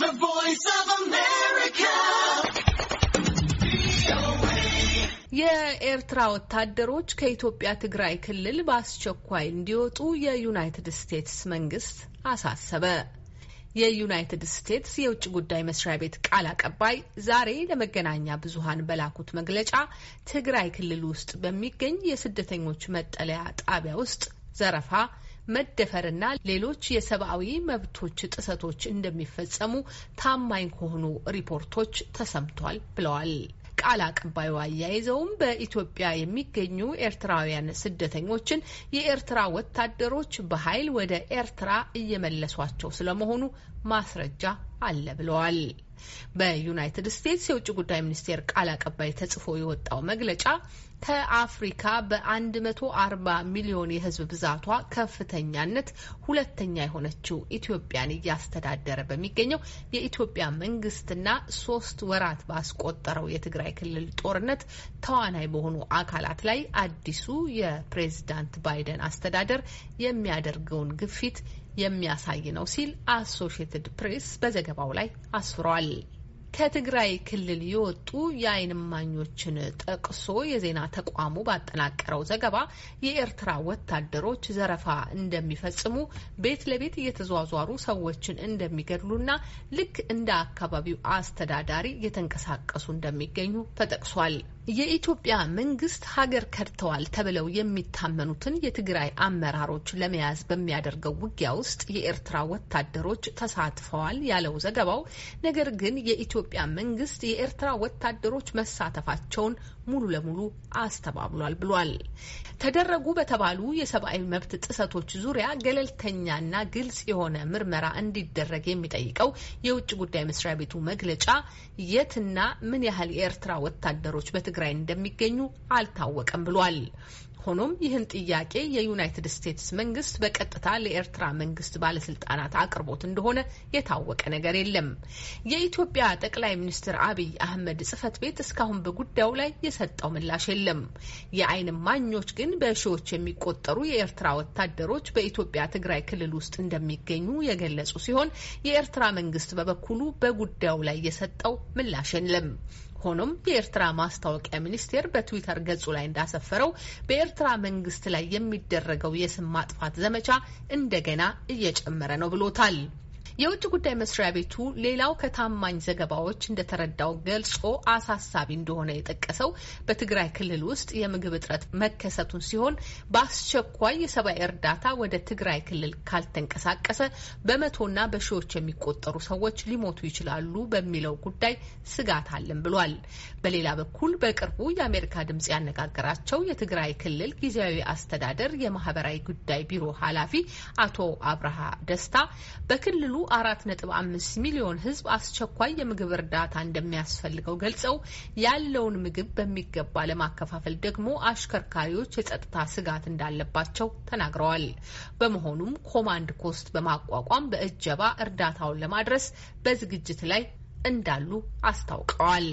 The Voice of America. የኤርትራ ወታደሮች ከኢትዮጵያ ትግራይ ክልል በአስቸኳይ እንዲወጡ የዩናይትድ ስቴትስ መንግስት አሳሰበ። የዩናይትድ ስቴትስ የውጭ ጉዳይ መስሪያ ቤት ቃል አቀባይ ዛሬ ለመገናኛ ብዙሃን በላኩት መግለጫ ትግራይ ክልል ውስጥ በሚገኝ የስደተኞች መጠለያ ጣቢያ ውስጥ ዘረፋ መደፈርና ሌሎች የሰብአዊ መብቶች ጥሰቶች እንደሚፈጸሙ ታማኝ ከሆኑ ሪፖርቶች ተሰምቷል ብለዋል። ቃል አቀባዩ አያይዘውም በኢትዮጵያ የሚገኙ ኤርትራውያን ስደተኞችን የኤርትራ ወታደሮች በኃይል ወደ ኤርትራ እየመለሷቸው ስለመሆኑ ማስረጃ አለ ብለዋል። በዩናይትድ ስቴትስ የውጭ ጉዳይ ሚኒስቴር ቃል አቀባይ ተጽፎ የወጣው መግለጫ ከአፍሪካ በ140 ሚሊዮን የሕዝብ ብዛቷ ከፍተኛነት ሁለተኛ የሆነችው ኢትዮጵያን እያስተዳደረ በሚገኘው የኢትዮጵያ መንግስትና ሶስት ወራት ባስቆጠረው የትግራይ ክልል ጦርነት ተዋናይ በሆኑ አካላት ላይ አዲሱ የፕሬዝዳንት ባይደን አስተዳደር የሚያደርገውን ግፊት የሚያሳይ ነው ሲል አሶሽየትድ ፕሬስ በዘገባው ላይ አስፍሯል። ከትግራይ ክልል የወጡ የአይን እማኞችን ጠቅሶ የዜና ተቋሙ ባጠናቀረው ዘገባ የኤርትራ ወታደሮች ዘረፋ እንደሚፈጽሙ፣ ቤት ለቤት እየተዟዟሩ ሰዎችን እንደሚገድሉና ልክ እንደ አካባቢው አስተዳዳሪ እየተንቀሳቀሱ እንደሚገኙ ተጠቅሷል። የኢትዮጵያ መንግስት ሀገር ከድተዋል ተብለው የሚታመኑትን የትግራይ አመራሮች ለመያዝ በሚያደርገው ውጊያ ውስጥ የኤርትራ ወታደሮች ተሳትፈዋል ያለው ዘገባው ነገር ግን የኢትዮ የኢትዮጵያ መንግስት የኤርትራ ወታደሮች መሳተፋቸውን ሙሉ ለሙሉ አስተባብሏል ብሏል። ተደረጉ በተባሉ የሰብአዊ መብት ጥሰቶች ዙሪያ ገለልተኛና ግልጽ የሆነ ምርመራ እንዲደረግ የሚጠይቀው የውጭ ጉዳይ መስሪያ ቤቱ መግለጫ የትና ምን ያህል የኤርትራ ወታደሮች በትግራይ እንደሚገኙ አልታወቀም ብሏል። ሆኖም ይህን ጥያቄ የዩናይትድ ስቴትስ መንግስት በቀጥታ ለኤርትራ መንግስት ባለስልጣናት አቅርቦት እንደሆነ የታወቀ ነገር የለም። የኢትዮጵያ ጠቅላይ ሚኒስትር አብይ አህመድ ጽህፈት ቤት እስካሁን በጉዳዩ ላይ የ የሰጠው ምላሽ የለም። የአይን ማኞች ግን በሺዎች የሚቆጠሩ የኤርትራ ወታደሮች በኢትዮጵያ ትግራይ ክልል ውስጥ እንደሚገኙ የገለጹ ሲሆን የኤርትራ መንግስት በበኩሉ በጉዳዩ ላይ የሰጠው ምላሽ የለም። ሆኖም የኤርትራ ማስታወቂያ ሚኒስቴር በትዊተር ገጹ ላይ እንዳሰፈረው በኤርትራ መንግስት ላይ የሚደረገው የስም ማጥፋት ዘመቻ እንደገና እየጨመረ ነው ብሎታል። የውጭ ጉዳይ መስሪያ ቤቱ ሌላው ከታማኝ ዘገባዎች እንደተረዳው ገልጾ አሳሳቢ እንደሆነ የጠቀሰው በትግራይ ክልል ውስጥ የምግብ እጥረት መከሰቱን ሲሆን በአስቸኳይ የሰብአዊ እርዳታ ወደ ትግራይ ክልል ካልተንቀሳቀሰ በመቶና በሺዎች የሚቆጠሩ ሰዎች ሊሞቱ ይችላሉ በሚለው ጉዳይ ስጋት አለን ብሏል። በሌላ በኩል በቅርቡ የአሜሪካ ድምጽ ያነጋገራቸው የትግራይ ክልል ጊዜያዊ አስተዳደር የማህበራዊ ጉዳይ ቢሮ ኃላፊ አቶ አብርሃ ደስታ በክልሉ አራት ነጥብ አምስት ሚሊዮን ህዝብ አስቸኳይ የምግብ እርዳታ እንደሚያስፈልገው ገልጸው ያለውን ምግብ በሚገባ ለማከፋፈል ደግሞ አሽከርካሪዎች የጸጥታ ስጋት እንዳለባቸው ተናግረዋል። በመሆኑም ኮማንድ ኮስት በማቋቋም በእጀባ እርዳታውን ለማድረስ በዝግጅት ላይ እንዳሉ አስታውቀዋል።